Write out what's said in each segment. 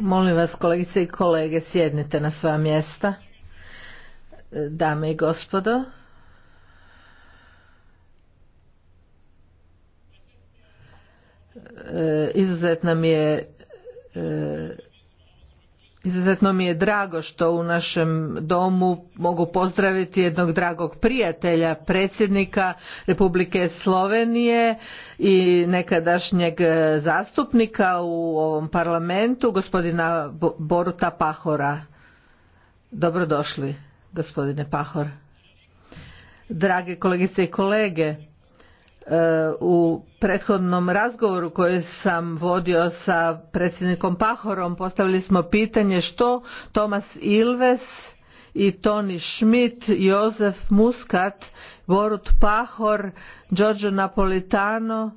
Molim vas kolegice i kolege sjednite na sva mjesta. Dame i gospodo, e, izuzetna mi je e, Izuzetno mi je drago što u našem domu mogu pozdraviti jednog dragog prijatelja, predsjednika Republike Slovenije i nekadašnjeg e, zastupnika u ovom parlamentu, gospodina Boruta Pahora. Dobrodošli, gospodine Pahor. Drage kolegice i kolege, u prethodnom razgovoru koji sam vodio sa predsjednikom Pahorom postavili smo pitanje što Tomas Ilves i Tony Schmidt, Jozef Muscat, Borut Pahor, Giorgio Napolitano,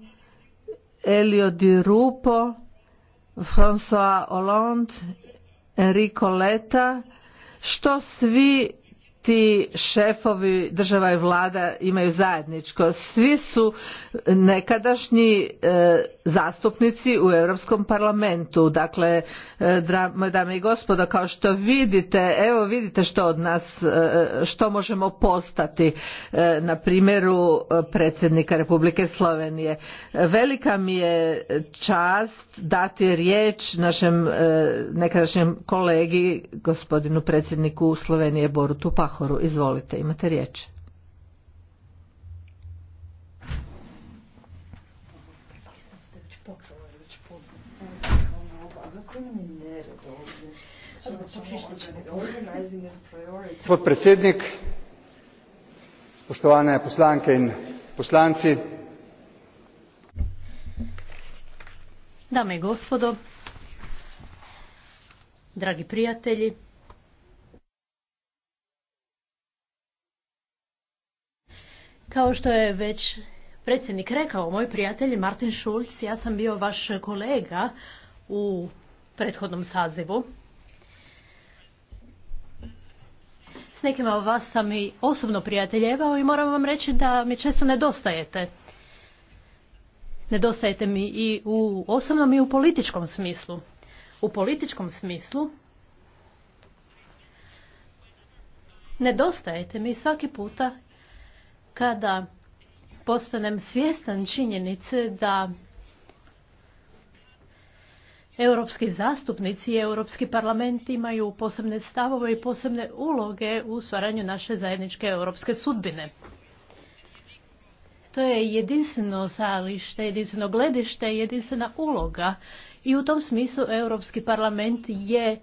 Elio Di Rupo, François Hollande, Enrico Leta, što svi ti šefovi država i vlada imaju zajedničko. Svi su nekadašnji e, zastupnici u Europskom parlamentu. Dakle, e, dame i gospodo, kao što vidite, evo vidite što od nas, e, što možemo postati e, na primjeru predsjednika Republike Slovenije. Velika mi je čast dati riječ našem nekadašnjem kolegi, gospodinu predsjedniku Slovenije Borutu Pahu. Pahoru. Izvolite, imate riječ. Gospod predsednik, spoštovane poslanke in poslanci. Dame i gospodo, dragi prijatelji, Kao što je već predsjednik rekao, moj prijatelj Martin Šulc, ja sam bio vaš kolega u prethodnom sazivu. S nekima od vas sam i osobno prijateljevao i moram vam reći da mi često nedostajete. Nedostajete mi i u osobnom i u političkom smislu. U političkom smislu nedostajete mi svaki puta kada postanem svjestan činjenice da europski zastupnici i europski parlament imaju posebne stavove i posebne uloge u stvaranju naše zajedničke europske sudbine. To je jedinstveno salište, jedinstveno gledište, jedinstvena uloga i u tom smislu Europski parlament je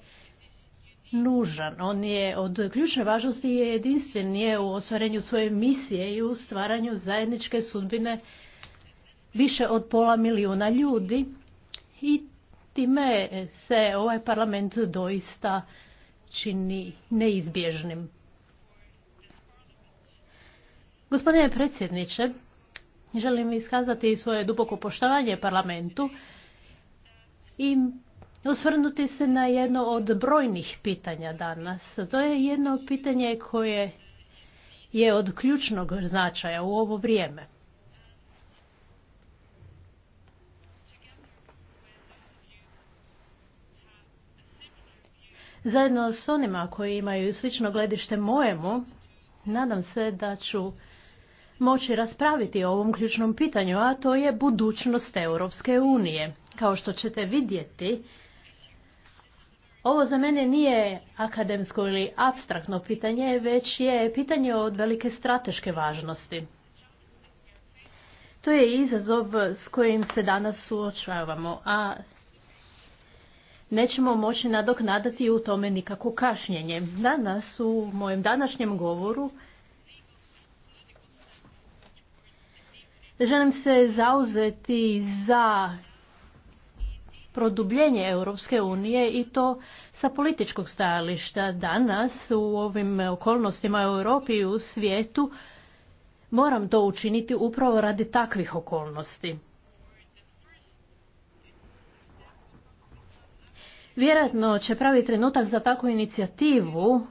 nužan. On je od ključne važnosti je jedinstven je u ostvarenju svoje misije i u stvaranju zajedničke sudbine više od pola milijuna ljudi i time se ovaj parlament doista čini neizbježnim. Gospodine predsjedniče, želim iskazati svoje duboko poštovanje parlamentu i osvrnuti se na jedno od brojnih pitanja danas. To je jedno pitanje koje je od ključnog značaja u ovo vrijeme. Zajedno s onima koji imaju slično gledište mojemu, nadam se da ću moći raspraviti o ovom ključnom pitanju, a to je budućnost Europske unije. Kao što ćete vidjeti, ovo za mene nije akademsko ili abstraktno pitanje, već je pitanje od velike strateške važnosti. To je izazov s kojim se danas suočavamo, a nećemo moći nadoknadati u tome nikako kašnjenje. Danas u mojem današnjem govoru želim se zauzeti za produbljenje Europske unije i to sa političkog stajališta. Danas u ovim okolnostima u Europi i u svijetu moram to učiniti upravo radi takvih okolnosti. Vjerojatno će pravi trenutak za takvu inicijativu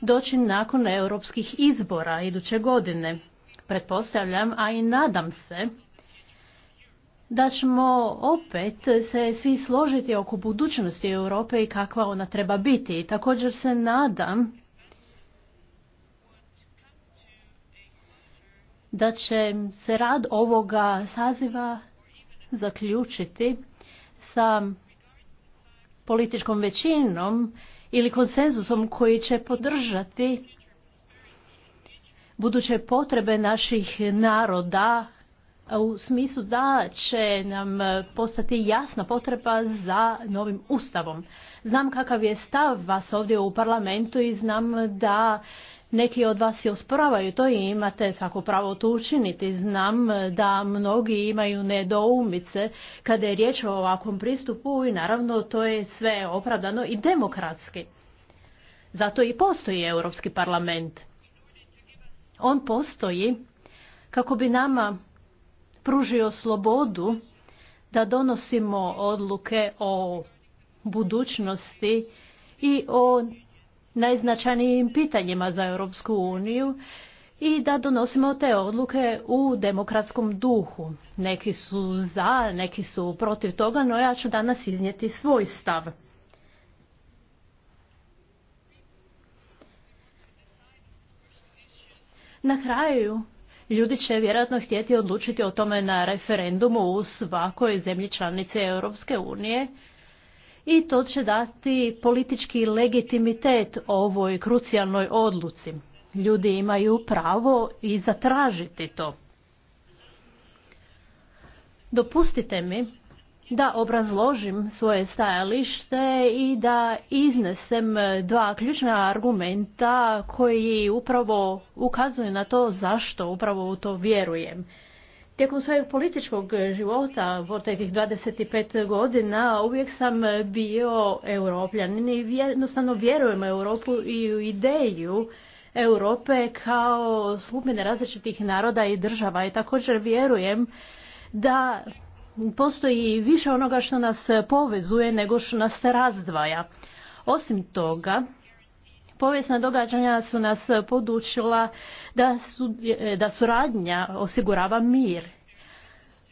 doći nakon europskih izbora iduće godine. Pretpostavljam, a i nadam se, da ćemo opet se svi složiti oko budućnosti Europe i kakva ona treba biti. Također se nadam da će se rad ovoga saziva zaključiti sa političkom većinom ili konsenzusom koji će podržati buduće potrebe naših naroda u smislu da će nam e, postati jasna potreba za novim ustavom. Znam kakav je stav vas ovdje u parlamentu i znam da neki od vas je osporavaju to i imate svako pravo to učiniti. Znam da mnogi imaju nedoumice kada je riječ o ovakvom pristupu i naravno to je sve opravdano i demokratski. Zato i postoji Europski parlament. On postoji kako bi nama pružio slobodu da donosimo odluke o budućnosti i o najznačajnijim pitanjima za Europsku uniju i da donosimo te odluke u demokratskom duhu. Neki su za, neki su protiv toga, no ja ću danas iznijeti svoj stav. Na kraju ljudi će vjerojatno htjeti odlučiti o tome na referendumu u svakoj zemlji članice Europske unije i to će dati politički legitimitet ovoj krucijalnoj odluci. Ljudi imaju pravo i zatražiti to. Dopustite mi da obrazložim svoje stajalište i da iznesem e, dva ključna argumenta koji upravo ukazuju na to zašto upravo u to vjerujem. Tijekom svojeg političkog života, proteklih 25 godina, uvijek sam bio europljanin i jednostavno vjerujem u Europu i u ideju Europe kao skupine različitih naroda i država i također vjerujem da postoji više onoga što nas povezuje nego što nas razdvaja. Osim toga, povijesna događanja su nas podučila da, su, da suradnja osigurava mir,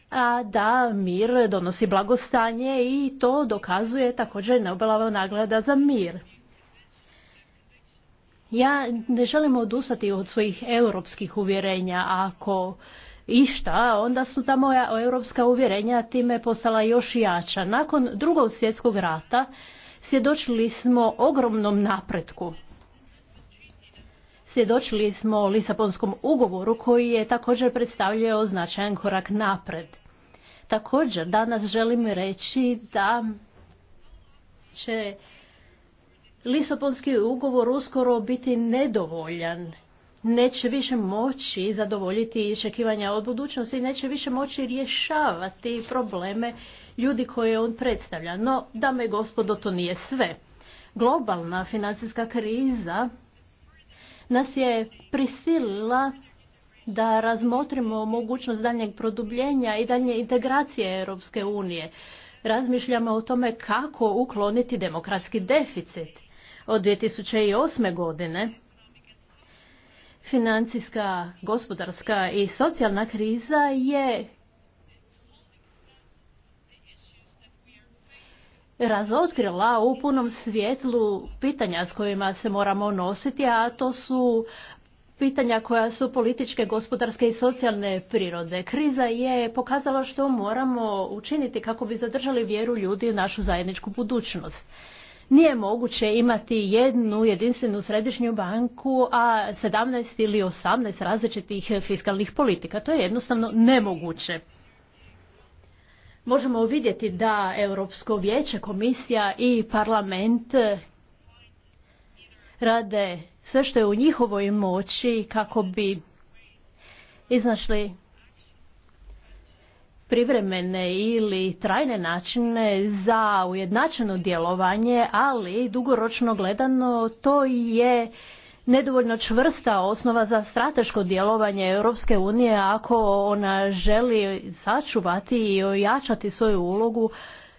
a da mir donosi blagostanje i to dokazuje također Nobelova nagrada za mir. Ja ne želim odustati od svojih europskih uvjerenja ako i šta? onda su ta moja europska uvjerenja time postala još jača. Nakon drugog svjetskog rata svjedočili smo ogromnom napretku. Svjedočili smo Lisaponskom Lisabonskom ugovoru koji je također predstavljao značajan korak napred. Također danas želim reći da će Lisabonski ugovor uskoro biti nedovoljan neće više moći zadovoljiti iščekivanja od budućnosti i neće više moći rješavati probleme ljudi koje on predstavlja. No, dame i gospodo, to nije sve. Globalna financijska kriza nas je prisilila da razmotrimo mogućnost daljnjeg produbljenja i daljnje integracije Europske unije. Razmišljamo o tome kako ukloniti demokratski deficit. Od 2008. godine financijska, gospodarska i socijalna kriza je razotkrila u punom svjetlu pitanja s kojima se moramo nositi, a to su pitanja koja su političke, gospodarske i socijalne prirode. Kriza je pokazala što moramo učiniti kako bi zadržali vjeru ljudi u našu zajedničku budućnost. Nije moguće imati jednu jedinstvenu središnju banku, a 17 ili 18 različitih fiskalnih politika. To je jednostavno nemoguće. Možemo vidjeti da Europsko vijeće, komisija i parlament rade sve što je u njihovoj moći kako bi iznašli privremene ili trajne načine za ujednačeno djelovanje, ali dugoročno gledano to je nedovoljno čvrsta osnova za strateško djelovanje Europske unije ako ona želi sačuvati i ojačati svoju ulogu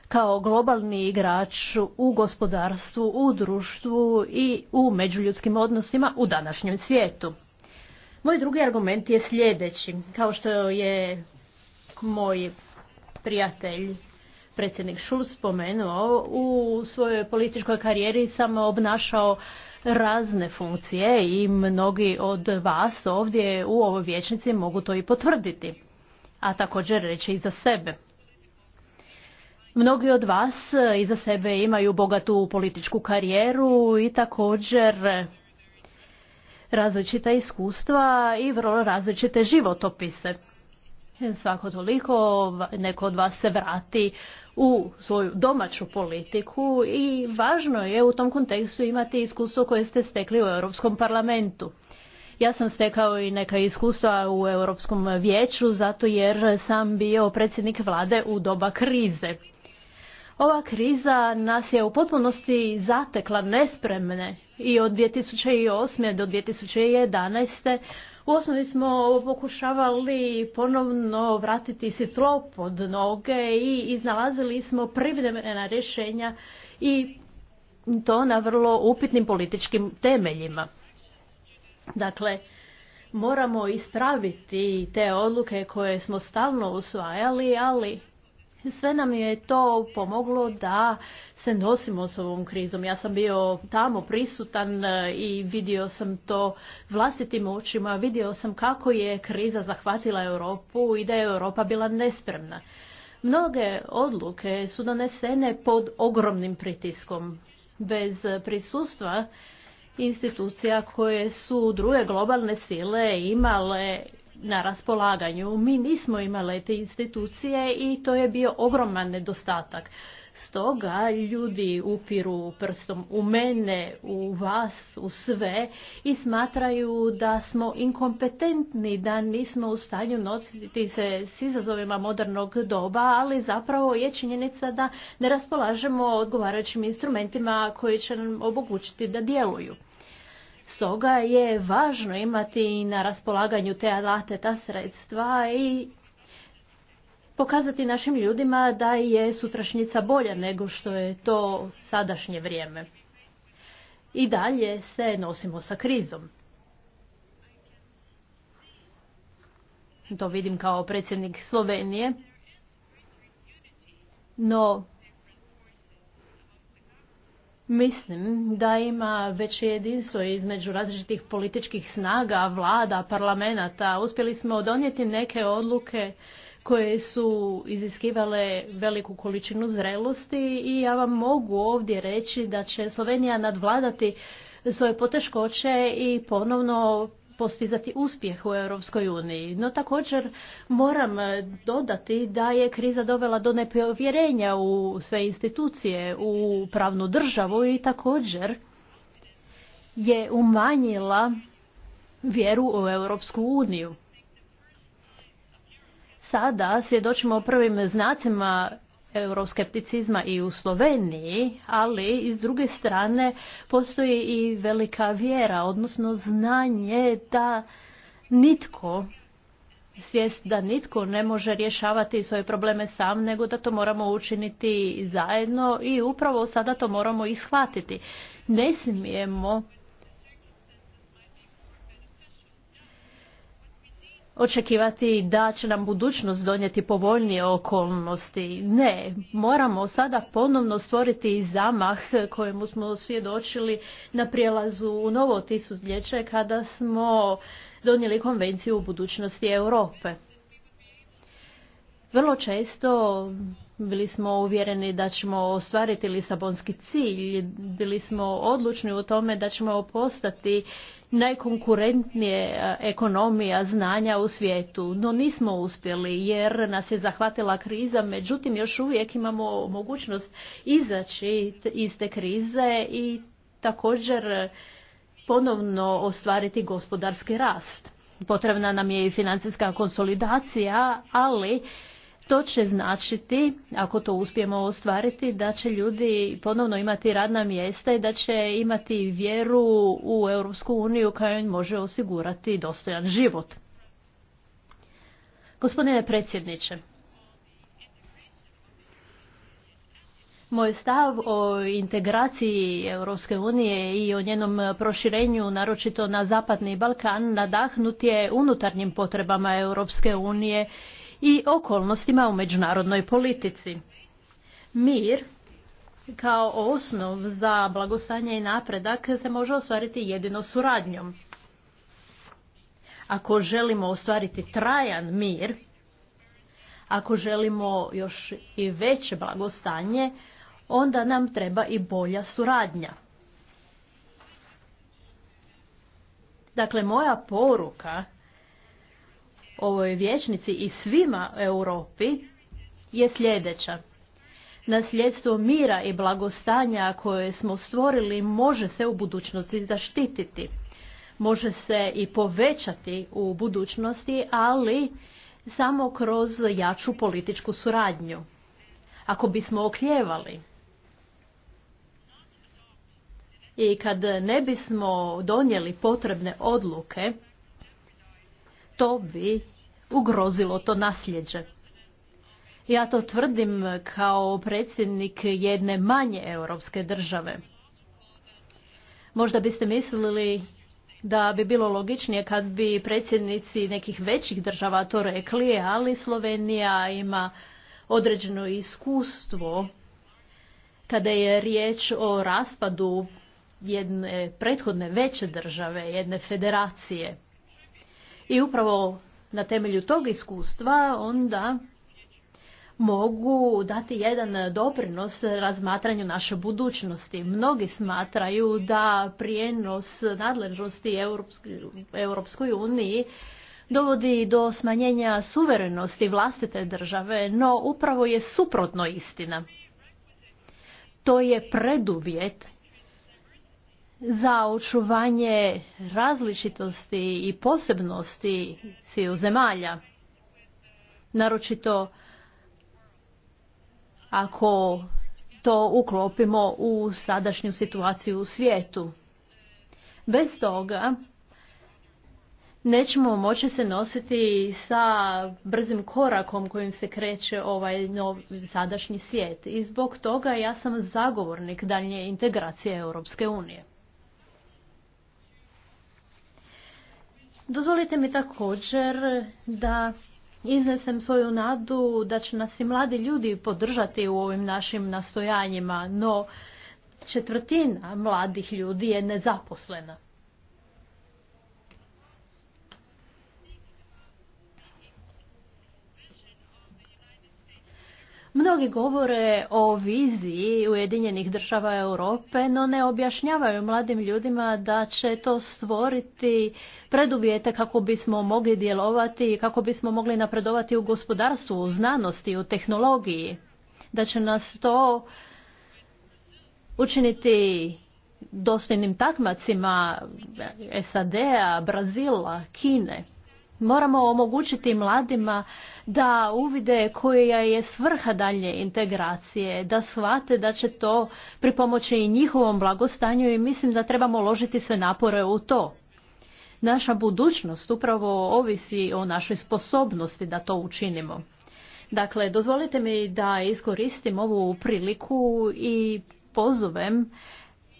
kao globalni igrač u gospodarstvu, u društvu i u međuljudskim odnosima u današnjem svijetu. Moj drugi argument je sljedeći. Kao što je moj prijatelj predsjednik Schulz spomenuo, u svojoj političkoj karijeri sam obnašao razne funkcije i mnogi od vas ovdje u ovoj vječnici mogu to i potvrditi, a također reći i za sebe. Mnogi od vas iza sebe imaju bogatu političku karijeru i također različita iskustva i vrlo različite životopise. Svako toliko neko od vas se vrati u svoju domaću politiku i važno je u tom kontekstu imati iskustvo koje ste stekli u Europskom parlamentu. Ja sam stekao i neka iskustva u Europskom vijeću zato jer sam bio predsjednik vlade u doba krize. Ova kriza nas je u potpunosti zatekla nespremne i od 2008. do 2011. U osnovi smo pokušavali ponovno vratiti si tlo pod noge i iznalazili smo privremena rješenja i to na vrlo upitnim političkim temeljima. Dakle, moramo ispraviti te odluke koje smo stalno usvajali, ali sve nam je to pomoglo da se nosimo s ovom krizom. Ja sam bio tamo prisutan e, i vidio sam to vlastitim očima, vidio sam kako je kriza zahvatila Europu i da je Europa bila nespremna. Mnoge odluke su donesene pod ogromnim pritiskom. Bez prisustva institucija koje su druge globalne sile imale na raspolaganju. Mi nismo imali te institucije i to je bio ogroman nedostatak. Stoga ljudi upiru prstom u mene, u vas, u sve i smatraju da smo inkompetentni, da nismo u stanju nositi se s izazovima modernog doba, ali zapravo je činjenica da ne raspolažemo odgovarajućim instrumentima koji će nam omogućiti da djeluju. Stoga je važno imati na raspolaganju te alate, ta sredstva i pokazati našim ljudima da je sutrašnjica bolja nego što je to sadašnje vrijeme. I dalje se nosimo sa krizom. To vidim kao predsjednik Slovenije. No, Mislim da ima veće jedinstvo između različitih političkih snaga, vlada, parlamenta. Uspjeli smo donijeti neke odluke koje su iziskivale veliku količinu zrelosti i ja vam mogu ovdje reći da će Slovenija nadvladati svoje poteškoće i ponovno postizati uspjeh u Europskoj uniji. No također moram e, dodati da je kriza dovela do nepovjerenja u sve institucije, u pravnu državu i također je umanjila vjeru u Europsku uniju. Sada svjedočimo prvim znacima euroskepticizma i u Sloveniji, ali iz s druge strane postoji i velika vjera, odnosno znanje da nitko svijest da nitko ne može rješavati svoje probleme sam, nego da to moramo učiniti zajedno i upravo sada to moramo ishvatiti. Ne smijemo očekivati da će nam budućnost donijeti povoljnije okolnosti. Ne, moramo sada ponovno stvoriti zamah kojemu smo svjedočili na prijelazu u novo tisućljeće kada smo donijeli konvenciju u budućnosti Europe. Vrlo često bili smo uvjereni da ćemo ostvariti Lisabonski cilj, bili smo odlučni u tome da ćemo postati najkonkurentnije e, ekonomija znanja u svijetu. No nismo uspjeli jer nas je zahvatila kriza, međutim još uvijek imamo mogućnost izaći iz te krize i također ponovno ostvariti gospodarski rast. Potrebna nam je i financijska konsolidacija, ali to će značiti, ako to uspijemo ostvariti, da će ljudi ponovno imati radna mjesta i da će imati vjeru u Europsku uniju koja im može osigurati dostojan život. Gospodine predsjedniče, Moj stav o integraciji Europske unije i o njenom proširenju, naročito na Zapadni Balkan, nadahnut je unutarnjim potrebama Europske unije i okolnostima u međunarodnoj politici. Mir kao osnov za blagostanje i napredak se može ostvariti jedino suradnjom. Ako želimo ostvariti trajan mir, ako želimo još i veće blagostanje, onda nam treba i bolja suradnja. Dakle, moja poruka ovoj vječnici i svima Europi je sljedeća. Nasljedstvo mira i blagostanja koje smo stvorili može se u budućnosti zaštititi. Može se i povećati u budućnosti, ali samo kroz jaču političku suradnju. Ako bismo okljevali i kad ne bismo donijeli potrebne odluke, to bi ugrozilo to nasljeđe. Ja to tvrdim kao predsjednik jedne manje europske države. Možda biste mislili da bi bilo logičnije kad bi predsjednici nekih većih država to rekli, ali Slovenija ima određeno iskustvo kada je riječ o raspadu jedne prethodne veće države, jedne federacije. I upravo na temelju tog iskustva onda mogu dati jedan doprinos razmatranju naše budućnosti. Mnogi smatraju da prijenos nadležnosti Europskoj uniji dovodi do smanjenja suverenosti vlastite države, no upravo je suprotno istina. To je preduvjet za očuvanje različitosti i posebnosti sviju zemalja. Naročito ako to uklopimo u sadašnju situaciju u svijetu. Bez toga nećemo moći se nositi sa brzim korakom kojim se kreće ovaj sadašnji svijet. I zbog toga ja sam zagovornik daljnje integracije Europske unije. Dozvolite mi također da iznesem svoju nadu da će nas i mladi ljudi podržati u ovim našim nastojanjima, no četvrtina mladih ljudi je nezaposlena. Mnogi govore o viziji Ujedinjenih država Europe, no ne objašnjavaju mladim ljudima da će to stvoriti preduvjete kako bismo mogli djelovati i kako bismo mogli napredovati u gospodarstvu, u znanosti, u tehnologiji. Da će nas to učiniti dostojnim takmacima SAD-a, Brazila, Kine. Moramo omogućiti mladima da uvide koja je svrha dalje integracije, da shvate da će to pripomoći i njihovom blagostanju i mislim da trebamo ložiti sve napore u to. Naša budućnost upravo ovisi o našoj sposobnosti da to učinimo. Dakle, dozvolite mi da iskoristim ovu priliku i pozovem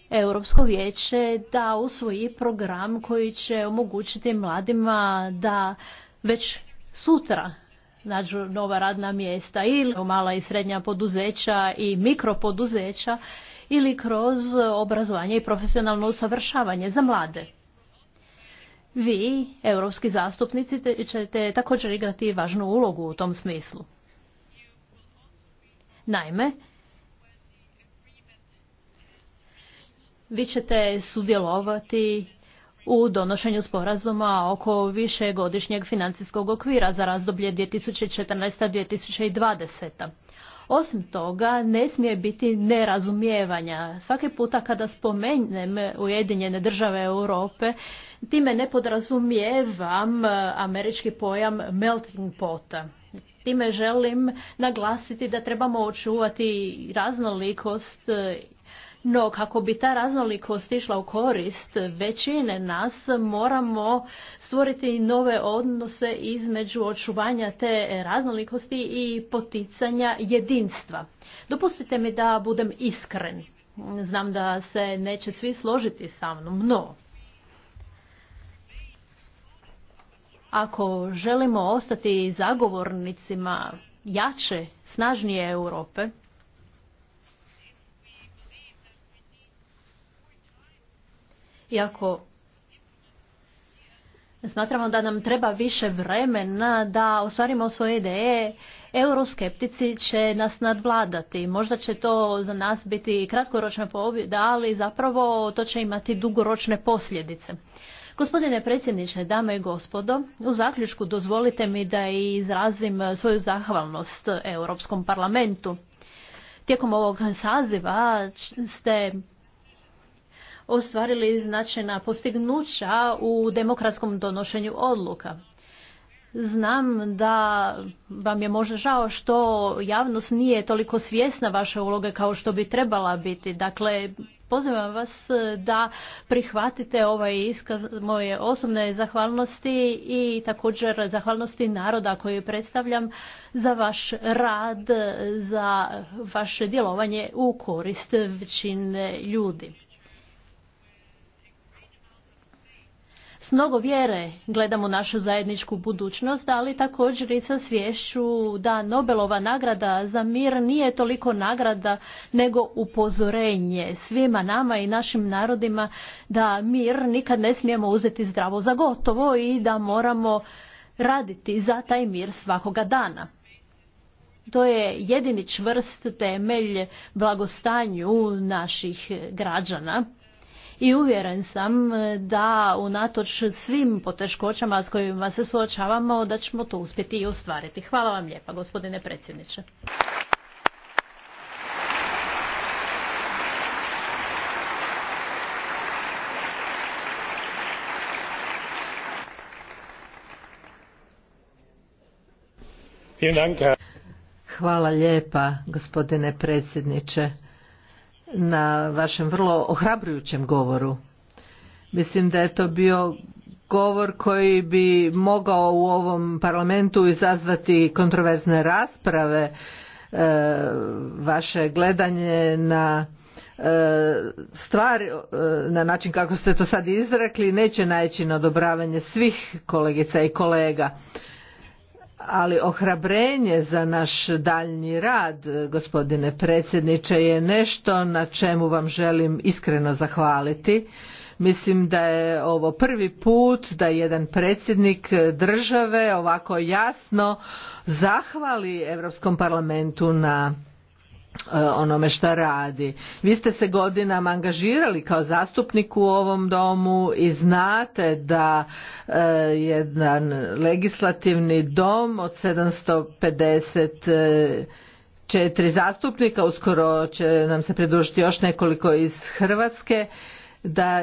Europsko vijeće da usvoji program koji će omogućiti mladima da već sutra nađu nova radna mjesta ili mala i srednja poduzeća i mikropoduzeća ili kroz obrazovanje i profesionalno usavršavanje za mlade. Vi, europski zastupnici, ćete također igrati važnu ulogu u tom smislu. Naime, vi ćete sudjelovati u donošenju sporazuma oko višegodišnjeg financijskog okvira za razdoblje 2014-2020. Osim toga, ne smije biti nerazumijevanja. Svaki puta kada spomenem Ujedinjene države Europe, time ne podrazumijevam američki pojam melting pota. Time želim naglasiti da trebamo očuvati raznolikost no, kako bi ta raznolikost išla u korist većine nas, moramo stvoriti nove odnose između očuvanja te raznolikosti i poticanja jedinstva. Dopustite mi da budem iskren. Znam da se neće svi složiti sa mnom, no ako želimo ostati zagovornicima jače, snažnije Europe, Iako smatramo da nam treba više vremena da ostvarimo svoje ideje, euroskeptici će nas nadvladati. Možda će to za nas biti kratkoročna pobjeda, ali zapravo to će imati dugoročne posljedice. Gospodine predsjedniče, dame i gospodo, u zaključku dozvolite mi da izrazim svoju zahvalnost Europskom parlamentu. Tijekom ovog saziva ste ostvarili značajna postignuća u demokratskom donošenju odluka. Znam da vam je možda žao što javnost nije toliko svjesna vaše uloge kao što bi trebala biti. Dakle, pozivam vas da prihvatite ovaj iskaz moje osobne zahvalnosti i također zahvalnosti naroda koju predstavljam za vaš rad, za vaše djelovanje u korist većine ljudi. s mnogo vjere gledamo našu zajedničku budućnost, ali također i sa svješću da Nobelova nagrada za mir nije toliko nagrada nego upozorenje svima nama i našim narodima da mir nikad ne smijemo uzeti zdravo za gotovo i da moramo raditi za taj mir svakoga dana. To je jedini čvrst temelj blagostanju naših građana i uvjeren sam e, da unatoč svim poteškoćama s kojima se suočavamo da ćemo to uspjeti i ostvariti. Hvala vam lijepa gospodine predsjedniče. Hvala lijepa gospodine predsjedniče na vašem vrlo ohrabrujućem govoru. Mislim da je to bio govor koji bi mogao u ovom parlamentu izazvati kontroverzne rasprave, e, vaše gledanje na e, stvari e, na način kako ste to sad izrekli neće naći na odobravanje svih kolegica i kolega ali ohrabrenje za naš daljnji rad, gospodine predsjedniče, je nešto na čemu vam želim iskreno zahvaliti. Mislim da je ovo prvi put da jedan predsjednik države ovako jasno zahvali Europskom parlamentu na Eh, onome šta radi. Vi ste se godinama angažirali kao zastupnik u ovom domu i znate da eh, jedan legislativni dom od 750 četiri zastupnika, uskoro će nam se pridružiti još nekoliko iz Hrvatske, da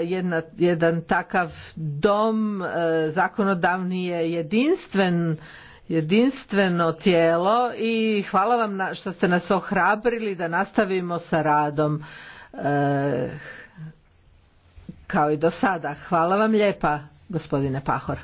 jedan takav dom e, zakonodavni je jedinstven jedinstveno tijelo i hvala vam na, što ste nas ohrabrili da nastavimo sa radom eh, kao i do sada. Hvala vam lijepa gospodine Pahor.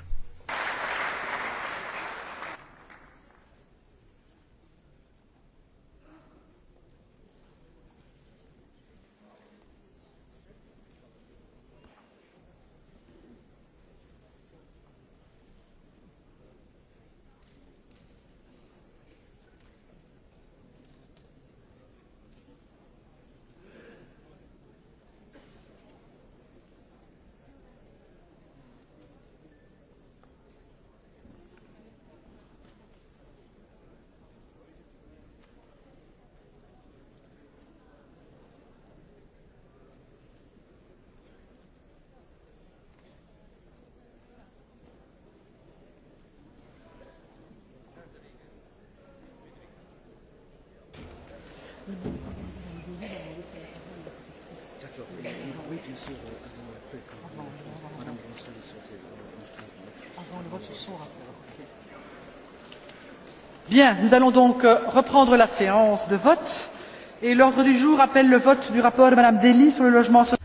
Bien, nous allons donc euh, reprendre la séance de vote et l'ordre du jour appelle le vote du rapport de Madame Dely sur le logement social.